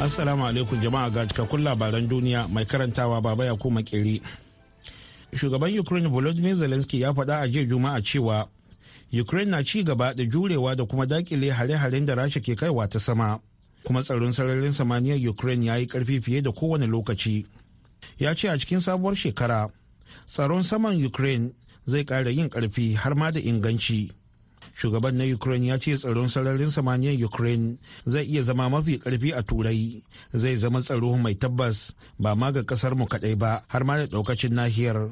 Assalamu alaikum jama'a ga cikakkun labaran duniya mai karantawa baba ya kuma kiri. Shugaban Ukraine Volodymyr Zelensky ya faɗa a jiya Juma'a cewa Ukraine na ci gaba da jurewa da kuma dakile hare-haren da Rasha ke kaiwa ta sama. Kuma tsaron sararin samaniyar Ukraine ya yi ƙarfi fiye da kowane lokaci. Ya ce a cikin sabuwar shekara, tsaron saman Ukraine zai ƙara yin ƙarfi har ma da inganci. shugaban na ukraine ya ce tsaron sararin samaniyar ukraine zai iya zama mafi karfi a turai zai zama tsaro mai tabbas ba ma ga kasar mu kadai ba har ma da daukacin nahiyar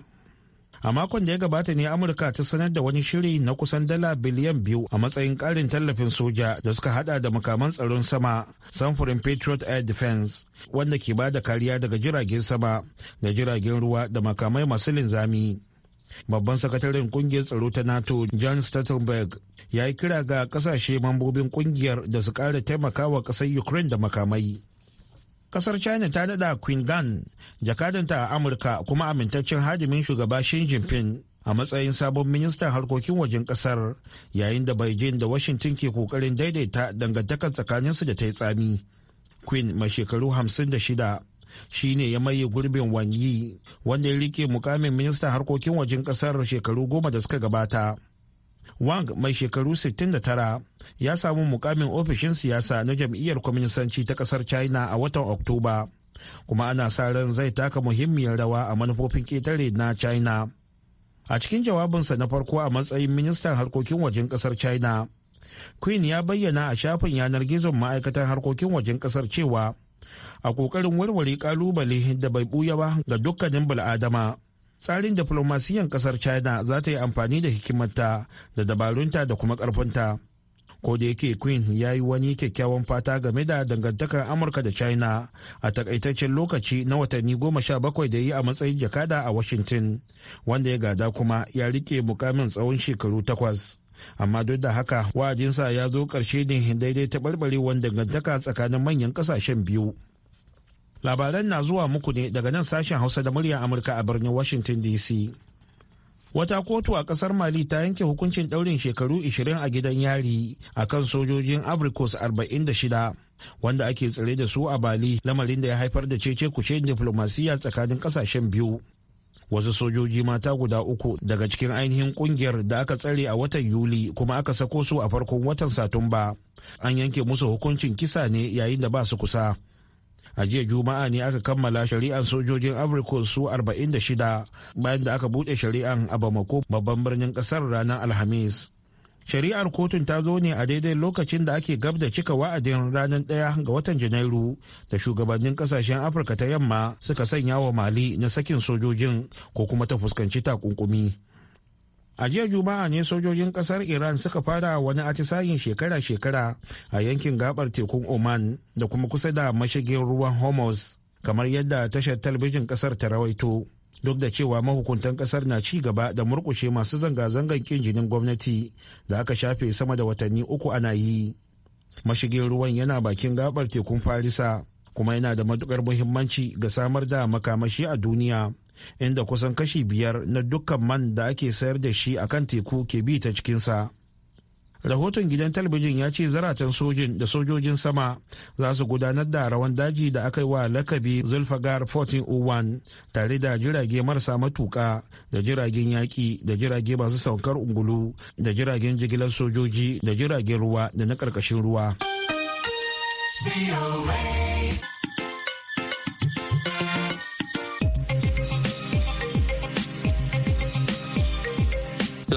a makon da ya gabata ne amurka ta sanar da wani shiri na kusan dala biliyan biyu a matsayin karin tallafin soja da suka hada da makaman tsaron sama samfurin patriot air defense wanda ke bada kariya daga jiragen sama da jiragen ruwa da makamai masu linzami Babban sakataren kungiyar tsaro ta NATO John Stoltenberg ya yi kira ga kasashe mambobin kungiyar da su kara taimakawa kasar Ukraine da makamai. Kasar China ta nada Queen Gan, jakadanta a Amurka kuma amintaccen hadimin shugaba Xi Jinping a matsayin sabon ministan harkokin wajen kasar yayin da Beijing da Washington ke kokarin daidaita dangantakar tsakaninsu da ta yi tsami. Queen mai shekaru 56 Shi ne ya maye gurbin wanyi wanda ya rike mukamin ministan harkokin wajen kasar shekaru goma da suka gabata wang mai shekaru 69 ya samu mukamin ofishin siyasa na jam'iyyar kwaminisanci ta kasar china a watan oktoba kuma ana sa ran zai taka muhimmiyar rawa a manufofin ketare na china a cikin jawabinsa na farko a matsayin ministan harkokin wajen kasar china queen ya bayyana a shafin yanar gizon ma'aikatan harkokin wajen kasar cewa a kokarin warware kalubale da bai buya ba ga dukkanin bil'adama tsarin diflomasiyan kasar china za ta yi amfani da hikimarta da dabarunta da kuma karfinta ko da yake queen ya yi wani kyakkyawan fata game da dangantakar amurka da china a takaitaccen lokaci na watanni goma sha bakwai da yi a matsayin jakada a washington wanda ya gada kuma ya rike mukamin tsawon shekaru takwas amma duk da haka wa'adinsa ya zo ƙarshe ne daidai ta taɓarɓarewar dangantaka tsakanin manyan ƙasashen biyu Labaran na zuwa muku ne daga nan sashen Hausa da murya Amurka a birnin Washington DC. Wata kotu a kasar Mali ta yanke hukuncin ɗaurin shekaru 20 a gidan yari a kan sojojin Abrikos 46 wanda ake tsare da su a Bali lamarin da ya haifar da cece kuce diflomasiyya tsakanin kasashen biyu. Wasu sojoji mata guda uku daga cikin ainihin kungiyar da aka tsare a watan Yuli kuma aka sako su a farkon watan Satumba. An yanke musu hukuncin kisa ne yayin da ba su kusa. a jiya juma'a ne aka kammala shari'ar sojojin afirka su 46 bayan da aka buɗe shari'an a bamako babban birnin ƙasar ranar alhamis shari'ar kotun ta zo ne a daidai lokacin da ake gab da cika wa'adin ranar ɗaya ga watan janairu da shugabannin kasashen afirka ta yamma suka sanya wa mali na sakin sojojin ko kuma ta fuskanci takunkumi A jiya Juma'a ne sojojin kasar Iran suka fara wani atisayin shekara-shekara a yankin gabar tekun Oman da kuma kusa da mashigin ruwan Hormuz kamar yadda tashar talbijin kasar ta rawaito. Duk da cewa mahukuntan kasar na ci gaba da murkushe masu zanga zangar kin jinin gwamnati da aka shafe sama da watanni uku ana yi. Mashigin ruwan yana bakin gabar tekun Farisa kuma yana da matukar muhimmanci ga samar da makamashi a duniya. inda kusan kashi biyar na dukkan man da ake sayar da shi akan teku ke bi ta cikinsa. rahoton gidan talabijin ya ce zaratan sojin da sojojin sama za su gudanar da rawan daji da aka yi wa lakabi zulfagar 1401 tare da jirage marasa matuka da jiragen yaƙi da jirage masu saukar ungulu da jiragen jigilar sojoji da jiragen ruwa da na ƙarƙashin ruwa.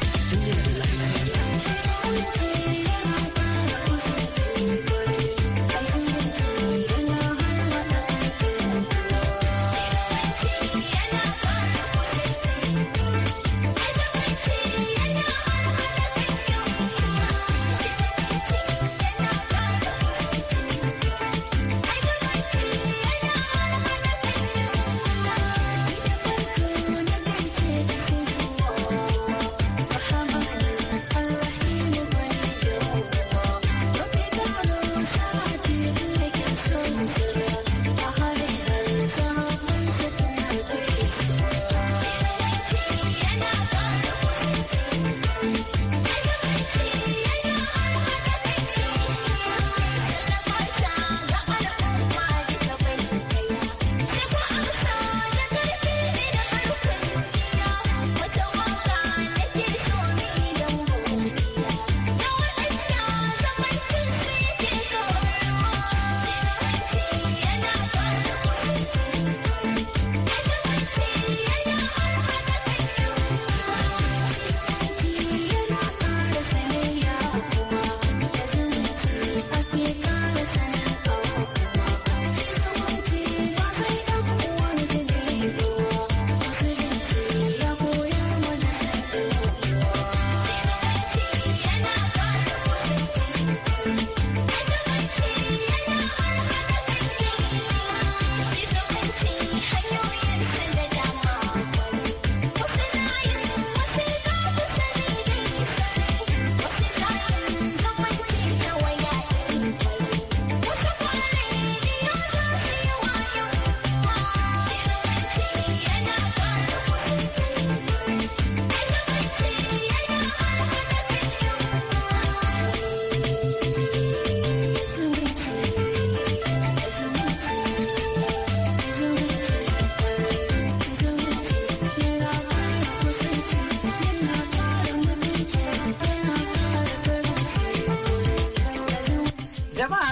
you.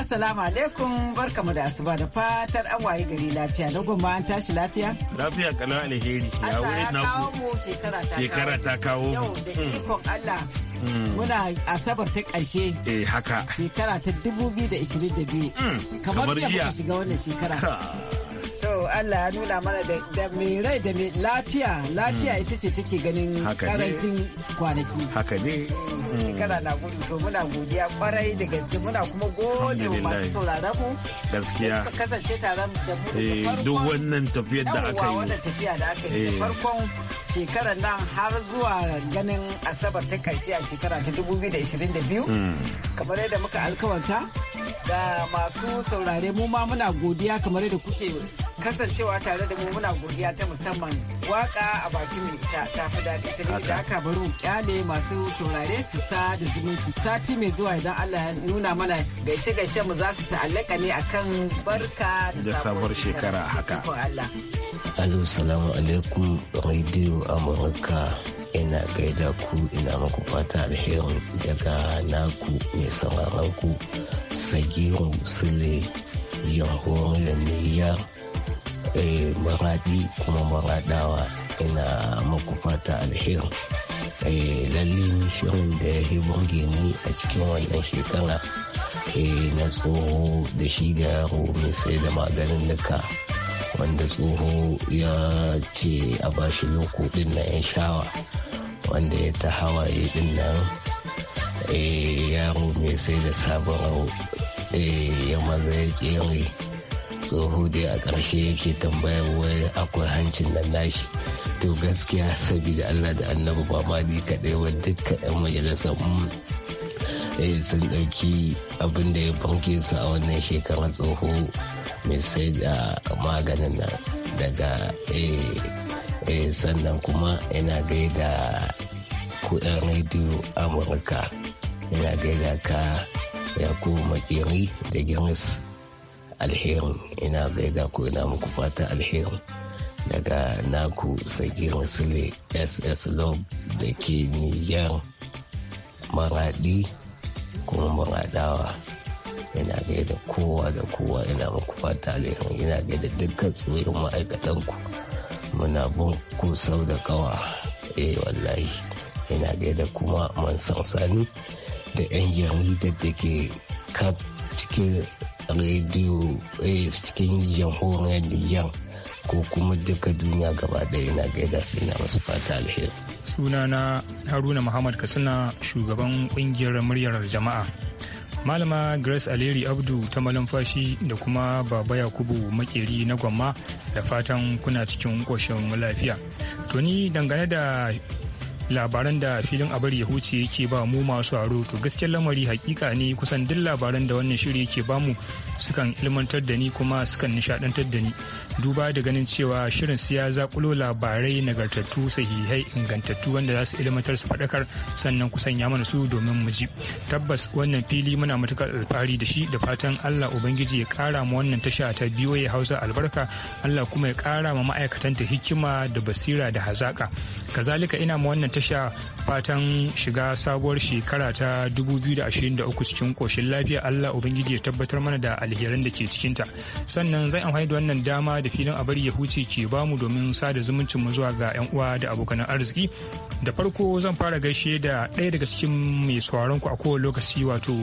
Assalamu alaikum barkamu da asuba da fatar an waye gari lafiya da gumma an tashi lafiya. Lafiya kana alheri ya wuri na ku. Shekara ta kawo mu. Yau da hmm. Allah. Hmm. Muna asabar ta ƙarshe. Eh haka. Shekara ta 2022. Hmm. Kamar jiya shiga wannan shekara. Allah ya nuna mana da mai rai da mai lafiya lafiya hmm. ita ce take ganin karancin kwanaki haka ne hmm. shekara na gudu to muna godiya kwarai da gaske muna kuma gode wa masu sauraron mu gaskiya kasance tare da mu eh, duk wannan tafiyar da aka yi wannan tafiya da aka yi eh. farkon shekarar nan har zuwa ganin asabar ta karshe a shekara ta 2022 hmm. kamar yadda muka alkawarta da masu saurare mu ma muna godiya kamar yadda kuke kasancewa tare da mu muna godiya ta musamman waka a bakin mai ta ta fi daɗi sai da aka bari kyale masu saurare su sa da zumunci sati mai zuwa idan Allah ya nuna mana gaishe gaishe mu za su ta'allaka ne akan barka da sabuwar shekara haka alu salamu alaikum radio Amurka ina gaida ku ina muku fata alherin daga naku mai sauraron ku sagiru sule yankuwar da niyyar Eh, maradi kuma maradawa ina muku fata alheri eh, Lallin shirin da ya burge ni a cikin wannan shekara eh, na tsoho da shi da yaro mai sai da maganin nuka wanda tsoho ya ce a bashi loko din na yan shawa wanda ya ta hawaye din nan yaro mai sai da sabon ya maza ya tsere tsoho dai a ƙarshe yake tambayar wai akwai hancin nan nashi to gaskiya saboda allah da annabi ba ma ni kaɗai wa duka 'yan majalisar eh, sun ɗauki abin da ya fanke su a wannan shekarar tsoho mai sai da maganin nan daga eh, eh, sannan kuma yana gaida kuɗin rediyo amurka yana gaida ka ya kuma makeri da Giras. alherin ina gaida ku ina muku fata alherin daga naku sagirin sule ss love da ke niyar maradi kuma maradawa ina gaida kowa da kowa ina muku fata alherin ina gaida dukkan tsohon ma'aikatanku muna bin ku sau da kawa eh wallahi ina gaida kuma man sansani da yan yamuridar da ke kaf cikin rediyo eh, cikin jamhuriyar Nijar ko kuma duka duniya gaba ɗaya na gaida sai na masu fata alheri. Sunana Haruna Muhammad Katsina shugaban kungiyar muryar jama'a. malama grace aleri abdu ta malamfashi da kuma baba yakubu makeri na gwamma da fatan kuna cikin ƙoshin lafiya to ni dangane da labaran da filin abar ya huce yake ba mu masu aro to gaskiyar lamari hakika ne kusan duk labaran da wannan shiri yake bamu sukan ilmantar da ni kuma sukan nishadantar da ni duba da ganin cewa shirin su ya zakulo labarai nagartattu sahihai ingantattu wanda za su ilmantar su faɗakar sannan kusan ya mana su domin mu ji tabbas wannan fili muna matukar alfahari da shi da fatan Allah ubangiji ya kara mu wannan tasha ta biyo ya hausa albarka Allah kuma ya kara ma ma'aikatanta hikima da basira da hazaka kazalika ina ma wannan ta sha fatan shiga sabuwar shekara ta 2023 cikin koshin lafiya Allah Ubangiji ya tabbatar mana da alherin da ke cikinta. Sannan zan amfani da wannan dama da filin a bari ya huce ke bamu domin sada zumuncin mu zuwa ga 'yan uwa da abokan arziki. Da farko zan fara gaishe da ɗaya daga cikin mai sauraron ku a kowane lokaci wato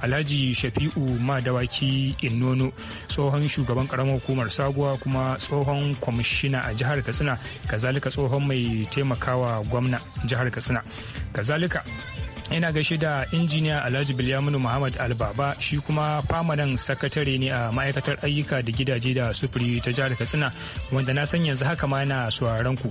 Alhaji Shafi'u Madawaki Innono tsohon shugaban karamar hukumar Sabuwa kuma tsohon kwamishina a jihar Katsina kazalika tsohon mai taimakawa gwamna jihar katsina kazalika yana gaishe da injiniya alhaji bilyaminu muhammad albaba shi kuma famanan sakatare ne a ma'aikatar ayyuka da gidaje da sufuri ta jihar katsina wanda na san yanzu haka ma yana sauraron ku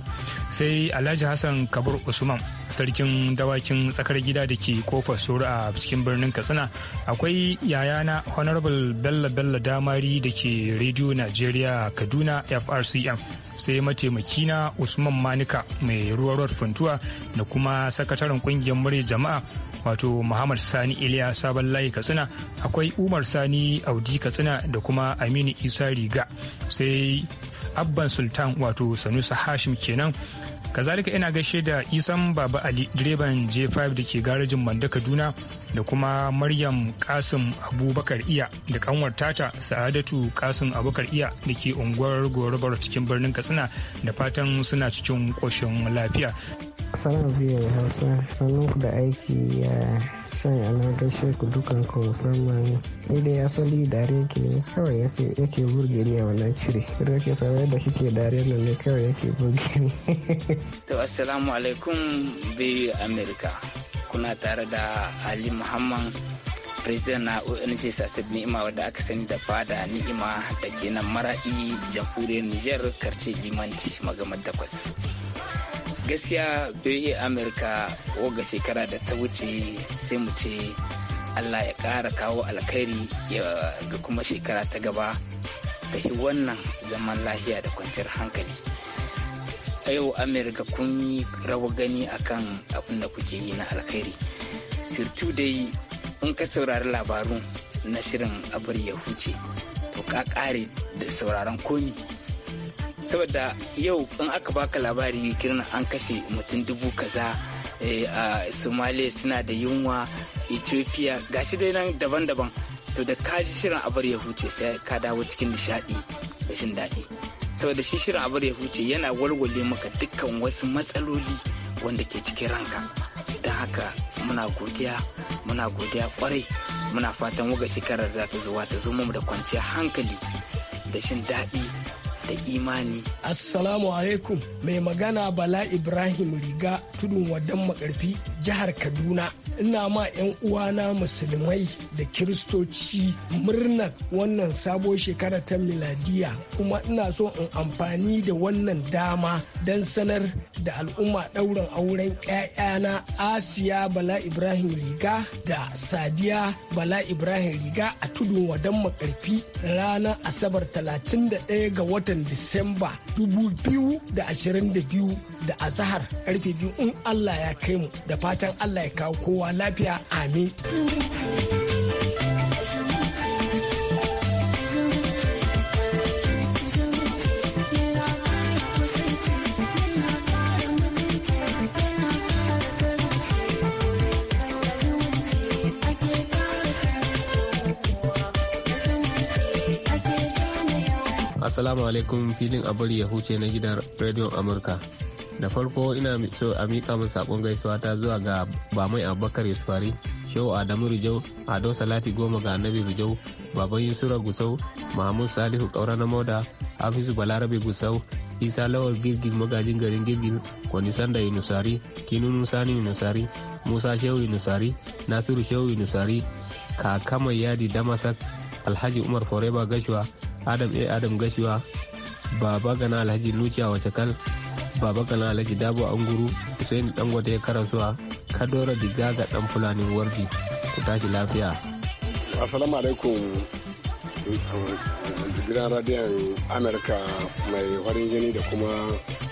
sai alhaji hassan kabur usman sarkin dawakin tsakar gida da ke kofar soro a cikin birnin katsina akwai yayana honorable bella bella damari da ke radio nigeria kaduna frcm sai mataimaki na usman manika mai ruwa funtuwa da kuma sakataren kungiyar murya jama'a wato muhammad sani iliya sabon layi katsina akwai umar sani audi katsina da kuma aminu isa riga sai abban sultan wato sanusa hashim kenan kazalika ina gaishe da isan baba ali direban j5 da ke garajin manda kaduna da kuma maryam kasim abubakar iya da kanwar tata sa'adatu kasim abubakar iya da ke unguwar gorobar cikin birnin katsina da fatan suna cikin koshin lafiya Salam biyu Hausa, sannan ku da aiki ya shan yana gaishe ku dukan ku musamman ni dai asali dare ke ne kawai yake burge ni a wannan cire da ke da kike dare nan ne kawai yake burge To assalamu alaikum biyu Amerika. Kuna tare da Ali Muhammad president na ONG Sassid Ni'ima wadda aka sani da fada Ni'ima da ke nan jamhuriyar Nijar karce limanci magamar takwas. gaskiya biyu amurka ga shekara da ta wuce sai mu ce allah ya kara kawo alkhairi ga kuma shekara ta gaba ta yi wannan zaman lafiya da kwanciyar hankali a yau amurka kun yi rawa gani akan abin da kuke yi na alkhairi sirtu dai in ka saurari labarun na shirin abar ya huce to ka kare da sauraron komi saboda yau in aka baka labari kirna an kashe mutum dubu kaza eh, a somalia suna da yunwa ethiopia gashi dai nan daban-daban to da ka ji shirin abar ya huce sai ka dawo cikin nishadi da shin daɗi saboda shi shirin abar ya huce yana walwale maka dukkan wasu matsaloli wanda ke cikin ranka don haka muna godiya muna godiya kwarai muna fatan waga shekarar za ta zuwa ta zo mu da kwanciyar hankali da shin daɗi da imani. Assalamu alaikum mai magana Bala Ibrahim Riga tudun wadan makarfi jihar kaduna ina ma 'yan uwana musulmai da kiristoci murnar wannan sabuwar shekara ta miladiya kuma ina so in amfani da wannan dama don sanar da al'umma ɗaurin auren 'ya'yana asiya bala ibrahim riga da sadiya bala ibrahim riga a tudun wadan makarfi ranar asabar 31 ga watan disamba 2022 da azahar karfe biyu in allah ya kai mu da fatan allah ya kawo kowa lafiya amin Assalamu alaikum filin abar ya huce na gidan rediyon Amurka. da farko ina so a mika min sakon gaisuwa ta zuwa ga bamai abubakar yusufari shehu adamu rijau ado salati goma ga annabi rijau baban yusura gusau mahamud salihu kaura na moda hafizu balarabe gusau isa lawal girgin magajin garin girgin kwani sanda yunusari kinunu sani yunusari musa shehu yunusari nasiru shehu yunusari kakamai yadi damasak alhaji umar foreba gashuwa adam a adam gashuwa baba gana alhaji nuciya wacakal Baba kana alhaji dabo anguru hussein dangote ya karasuwa kadora diga ga dan fulani warji ku tashi lafiya assalamu alaikum gidan radiyon amurka mai farin jini da kuma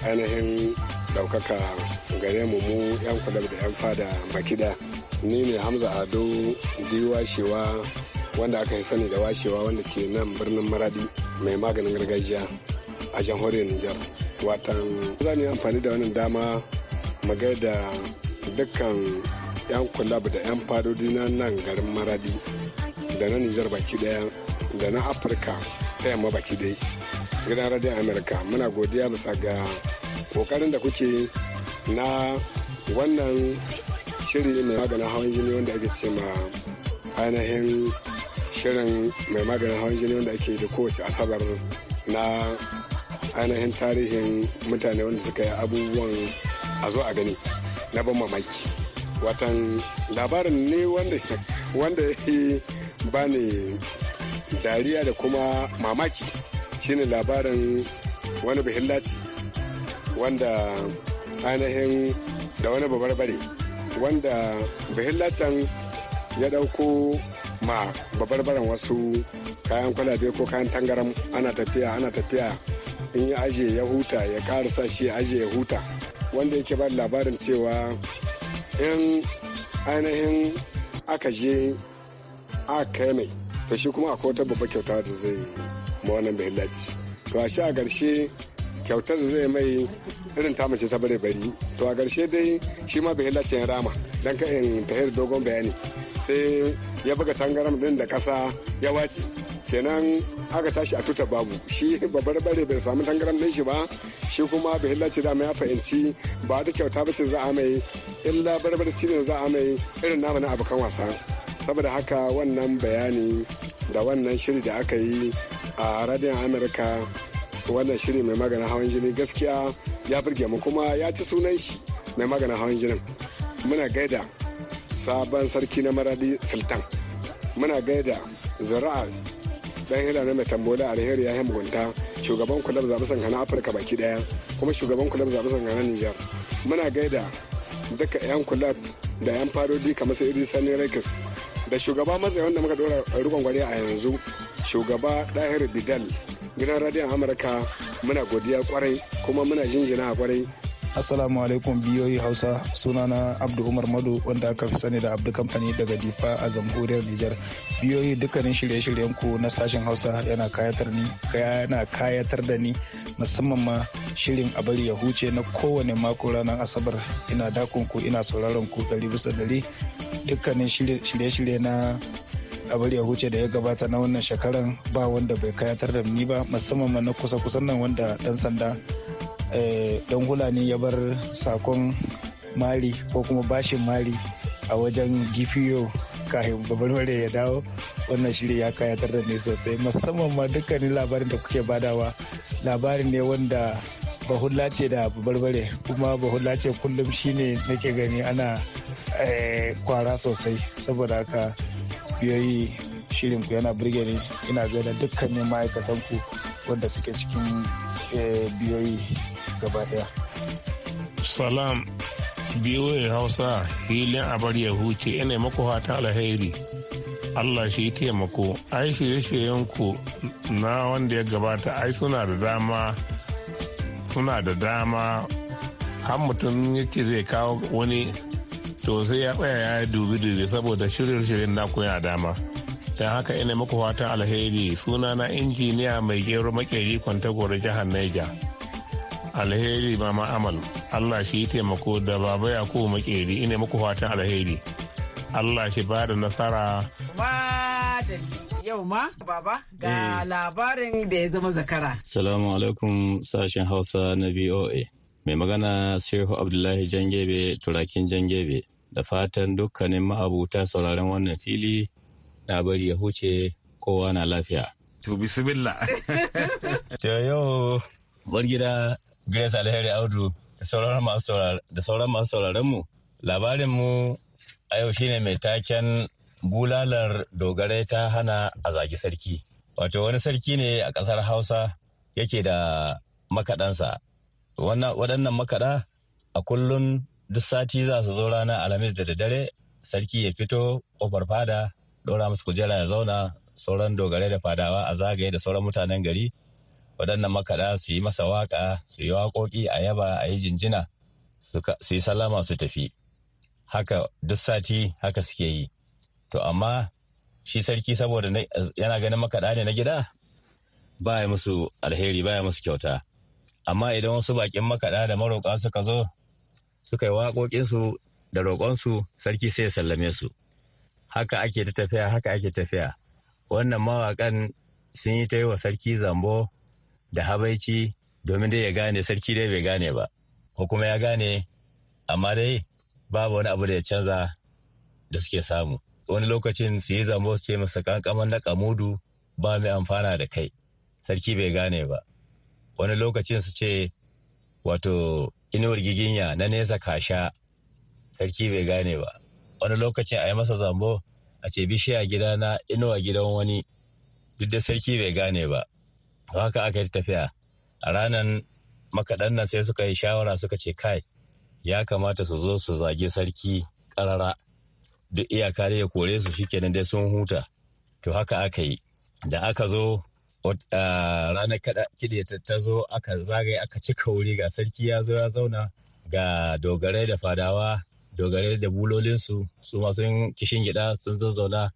ainihin daukaka gare mu mu yan kudar da yan fada bakida ni ne hamza ado washewa wanda aka yi sani da washewa wanda ke nan birnin maradi mai maganin gargajiya a jamhuriyar nijar watan za ne amfani da wannan dama magai da dukkan 'yan kulab da 'yan fadodi na nan garin maradi da na nijar baki daya da na afirka ta yamma baki dai gidan radio america muna godiya bisa ga kokarin da kuke na wannan shiri mai maganin hawan jini wanda ake ce ma ainihin shirin mai maganin hawan jini wanda ake da kowace asabar na ainihin tarihin mutane wanda suka yi abubuwan a zo a gani na ban mamaki watan labarin ne wanda ya ba ne dariya da kuma mamaki shine labarin wani bihillaci wanda ainihin da wani babarbare wanda bihillacin ya dauko ma babarbaren wasu kayan kwalabe ko kayan tangaram ana tafiya ana tafiya in ya aje ya huta ya karasa shi ya aje ya huta wanda yake ba labarin cewa in ainihin aka je aka kai mai to shi kuma akwai wata babba kyauta da zai ma wannan bihillaci to a shi a ƙarshe kyautar zai mai irin ta mace ta bare bari to a ƙarshe dai shi ma bihillacin rama dan ka in tahir dogon bayani sai ya buga tangaram din da ƙasa ya wace kenan aka tashi a tuta babu shi babbar bare bai samu tangaran din shi ba shi kuma bai hillace da ya fahimci ba ta kyauta ba ce za a mai illa barbar ne za a mai irin namu na abokan wasa saboda haka wannan bayani da wannan shiri da aka yi a radiyon amurka wannan shiri mai maganin hawan jini gaskiya ya burge mu kuma ya ci sunan shi mai maganin hawan jinin muna gaida sabon sarki na maradi sultan muna gaida zara'a dan hirana mai tambola alheri ya mugunta shugaban kulab zaɓi sangana afirka baki daya kuma shugaban kulab zaɓi sangana nijar muna gaida duka 'yan kula da 'yan fadodi kamar sai iri sani rekis da shugaba matsayi wanda muka dora rikon gwari a yanzu shugaba dahir bidal gidan radiyon amurka muna godiya kwarai kuma muna jinjina a kwarai Assalamu alaikum biyoyi Hausa sunana Abdu Umar Madu wanda aka fi sani da Abdu Kamfani daga Difa a jamhuriyar Nijar. Biyoyi dukkanin shirye-shiryen ku na sashen Hausa yana kayatar ni, yana kayatar da ni musamman ma shirin a bari ya huce na kowane mako ranar Asabar ina dakon ku ina sauraron ku ɗari bisa ɗari dukkanin shirye-shirye na abar ya huce da ya gabata na wannan shekaran ba wanda bai kayatar da ni ba musamman ma na kusa-kusan nan wanda dan sanda Eh, dan gulani ya bar sakon mari ko kuma bashin mari a wajen gifiyo kafin babban ya dawo wannan shiri ya kayatar da ne sosai musamman ma dukkanin labarin da kuke badawa labarin ne wanda bahulla ce da barbare kuma bahulla ce kullum shine nake gani ana eh, kwara sosai saboda haka biyoyi shirin ku yana birge ni ina gana dukkanin ma'aikatan ku wanda suke cikin eh, biyoyi gaba daya salam biyoyi hausa hilin abar ya huce ina mako fatan alheri allah shi taimako ai shirye ku na wanda ya gabata ai suna da dama suna da dama har mutum ce zai kawo wani to sai ya tsaya ya dubi dubi saboda shirye-shiryen na kuna dama don haka ina maku fatan alheri suna na injiniya mai gero makeri kwantagoro jihar Niger. alheri mama amal allah shi taimako da baba yakubu makeri ina muku fatan alheri allah shi ba da nasara yau ma baba ga eh. labarin da ya zama zakara salamu alaikum sashen hausa na voa mai magana shehu abdullahi jangebe turakin jangebe da fatan dukkanin ma'abuta sauraron wannan fili na bari ya huce kowa na lafiya to bismillah to yau bar gida Grace Alheri Audu da sauran masu sauraron mu. Labarin mu a yau shine mai taken bulalar dogarai ta hana a zagi sarki. Wato wani sarki ne a ƙasar Hausa yake da makaɗansa. Waɗannan makaɗa a kullum duk sati za su zo rana Alhamis da daddare sarki ya fito ƙofar fada ɗora musu kujera ya zauna sauran dogarai da fadawa a zagaye da sauran mutanen gari waɗannan makaɗa su yi masa waƙa su yi waƙoƙi a yaba a yi jinjina su yi salama su tafi haka duk sati haka suke yi to amma shi sarki saboda yana ganin makaɗa ne na gida ba ya musu alheri ba ya musu kyauta amma idan wasu baƙin makaɗa da maroƙa suka zo suka yi waƙoƙinsu da roƙonsu sarki sai ya sallame su haka ake ta tafiya haka ake tafiya wannan mawaƙan sun yi ta yi wa sarki zambo da habaici domin dai ya gane sarki dai bai gane ba ko kuma ya gane amma dai babu wani abu da ya canza da suke samu wani lokacin su yi zamo su ce masa kankaman na kamudu ba mai amfana da kai sarki bai gane ba wani lokacin su ce wato inuwar giginya na nesa kasha sarki bai gane ba wani lokacin a yi masa zambo a ce bishiya gidana inuwa gidan wani duk da sarki bai gane ba to haka aka yi tafiya a ranar makaɗan nan sai suka yi shawara suka ce kai ya kamata su zo su zage sarki ƙarara duk iyaka da ya kore su shikenan dai sun huta to haka aka yi da aka zo ranar kiɗe ta zo aka zagaye aka cika wuri ga sarki ya zo ya zauna ga dogarai da fadawa dogarai da bulolinsu su masu kishin gida sun zazzauna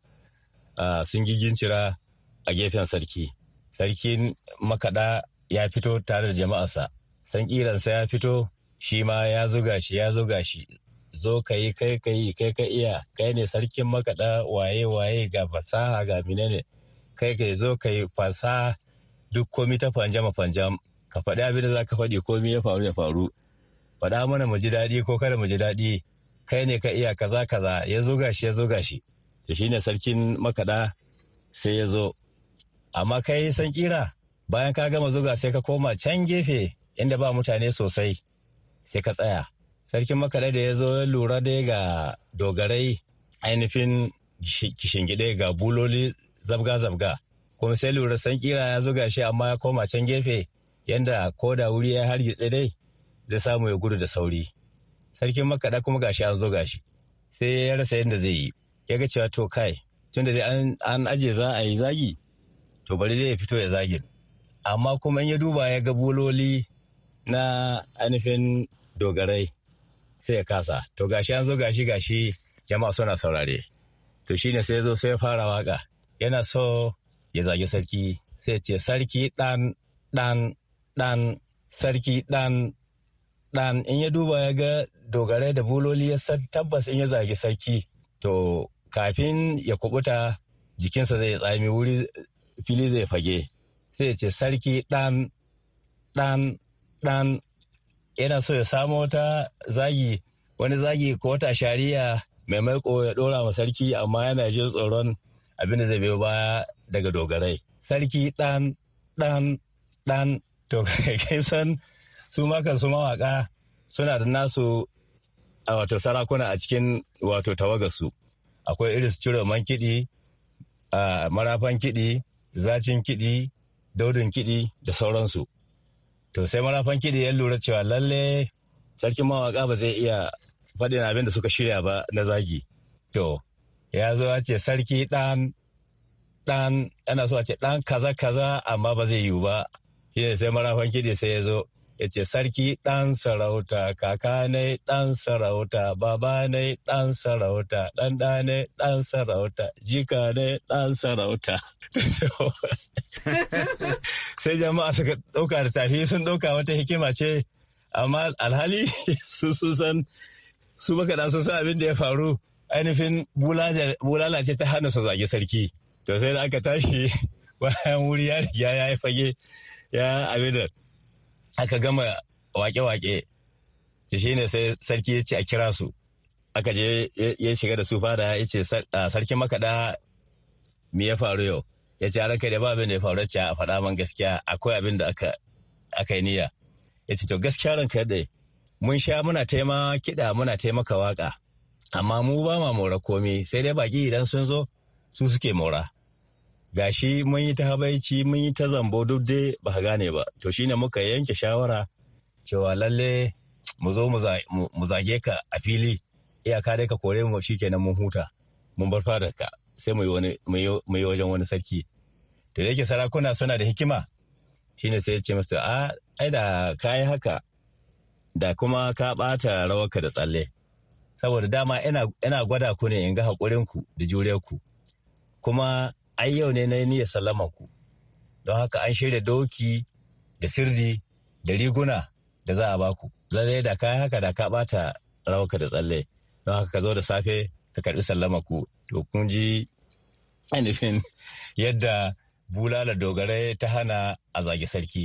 sun gigincira a gefen sarki sarkin makaɗa ya fito tare da jama'arsa san kiransa ya fito shi ma ya zuga shi ya zuga shi zo ka yi kai ka yi kai ka iya kai ne sarkin makaɗa waye waye ga fasaha ga minene kai ka zo ka yi fasaha duk komi ta fanjama fanjam ka faɗi abin da za ka faɗi komi ya faru ya faru faɗa mana mu ji daɗi ko kada mu ji daɗi kai ne ka iya kaza kaza ya zuga shi ya zuga shi to shine sarkin makaɗa sai ya zo amma kai san kira bayan ka gama zuga sai ka koma can gefe inda ba mutane sosai sai ka tsaya sarkin makaɗa da ya zo ya lura dai ga dogarai ainihin kishingide ga buloli zabga-zabga kuma sai lura san kira ya zuga shi amma ya koma can gefe yadda ko da wuri ya hargitse dai zai samu ya gudu da sauri sarkin makaɗa kuma gashi an zo gashi sai ya rasa yadda zai yi ya ga cewa to kai tun da an aje za a yi zagi to bari zai ya fito ya zage amma kuma in ya duba ya ga bololi na ainihin dogarai sai ya kasa to gashi an zo gashi gashi jama'a suna saurare to shine sai ya zo sai ya fara waka yana so ya zage sarki sai ce sarki dan dan dan sarki dan dan in ya duba ya ga dogarai da buloli ya san tabbas in ya zage sarki to kafin ya kubuta jikinsa zai tsami wuri fili zai fage sai ce sarki ɗan ɗan ɗan yana so ya samo wata zagi wani zagi ko wata shari'a mai maiko ya ɗora ma sarki amma yana jin tsoron abin da zai biyo baya daga dogarai sarki ɗan ɗan ɗan to kai san su makan su mawaka suna da nasu a wato sarakuna a cikin wato su. akwai irin su cire man kiɗi a marafan kiɗi zacin kiɗi daudin kiɗi da sauransu to sai marafan kiɗi ya lura cewa lalle sarkin mawaƙa ba zai iya faɗin abin da suka shirya ba na zagi to ya zo ya ce sarki ɗan ɗan ana so a ce ɗan kaza kaza amma ba zai yiwu ba shi ne sai marafan kiɗi sai ya zo ya ce sarki ɗan sarauta kaka ne ɗan sarauta baba ne ɗan sarauta ɗan ne ɗan sarauta jika ne ɗan sarauta sai jama'a suka ɗauka da tafi sun ɗauka wata hikima ce amma alhali su san su sun san abin da ya faru ainihin bulala ce ta hana su zage sarki to sai da aka tashi bayan wuri ya riga ya yi fage ya abin aka gama wake-wake shi ne sai sarki ya ce a kira su aka je ya shiga da su fada ya ce sarki makaɗa me ya faru yau ya ce ranka da ba abin da ya faru ce a faɗa man gaskiya akwai abin da aka yi niyya ya ce to gaskiya ranka da mun sha muna taima kiɗa muna taimaka waka amma mu ba ma mora komi sai dai baki idan sun zo su suke mora gashi mun yi ta habaici mun yi ta zambo duk dai ba gane ba to shine muka yanke shawara cewa lalle mu zo mu zage ka a fili iyaka dai ka kore mu kenan mun huta mun bar fadar ka sai mu yi wajen wani sarki to yake sarakuna suna da hikima shine sai ya ce musu a ai da yi haka da kuma ka ɓata rawarka da tsalle saboda dama ina gwada ku ne in ga haƙurinku da ku. kuma ai yau ne na yi niyyar sallama ku don haka an shirya doki da sirri da riguna da za a baku lallai da kaya haka da ka bata rawaka da tsalle don haka ka zo da safe ka karbi sallama ku to kun ji yadda bulala dogarai ta hana a zagi sarki.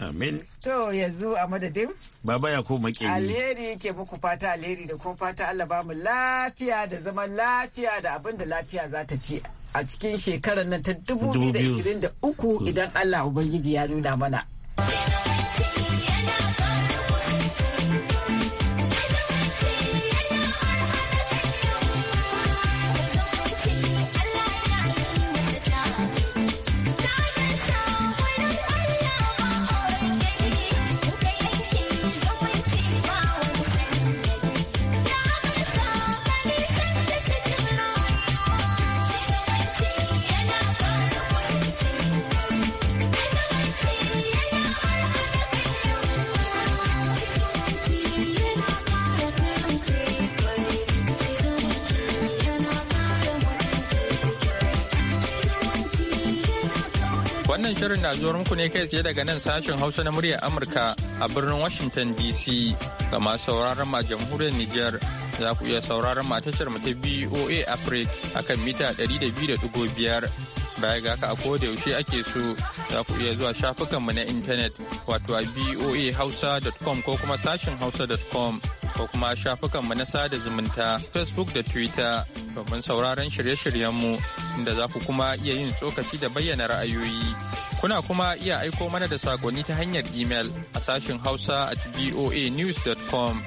Amin. To yanzu a madadin? Baba ya ko Alheri ke muku fata alheri da kuma fata Allah ba mu lafiya da zaman lafiya da abin da lafiya za ta ci a cikin shekarar nan ta 2023 idan Allah Ubangiji ya nuna mana. Wannan shirin na zuwar muku ne kai tsaye daga nan sashen Hausa na muryar Amurka a birnin Washington DC ga masu sauraron ma jamhuriyar Nijar za ku iya sauraron ma tashar ta BOA Africa akan mita 200.5 baya ga haka a koda yaushe ake so za ku iya zuwa shafukanmu na intanet wato a boahausa.com ko kuma sashen hausa.com ko kuma shafukanmu na sada zumunta Facebook da Twitter domin sauraron shirye-shiryenmu inda za ku kuma iya yin tsokaci da bayyana ra'ayoyi. Kuna kuma iya aiko mana da sakonni ta hanyar email a sashin hausa at voanews.com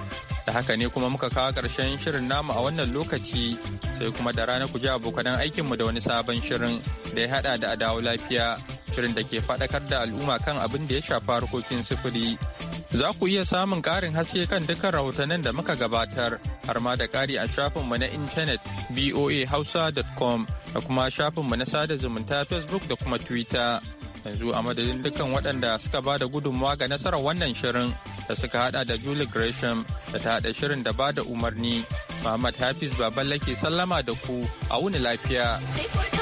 Da haka ne kuma muka kawo ƙarshen shirin namu a wannan lokaci sai kuma da rana ku ji abokanan aikinmu da wani sabon shirin da ya haɗa da adawo lafiya shirin da ke faɗakar da al'umma kan abin da ya shafi harkokin sufuri. Za ku iya samun ƙarin haske kan dukkan rahotannin da muka gabatar har ma da ƙari a shafinmu na intanet voahausa.com da kuma shafinmu na sada zumunta Facebook da kuma Twitter. Yanzu a madadin dukkan waɗanda suka ba da gudunmawa ga nasarar wannan shirin da suka hada da Julie Gresham da ta hada shirin da ba da umarni. Muhammad Hafiz Baballa ke sallama da ku a wuni lafiya.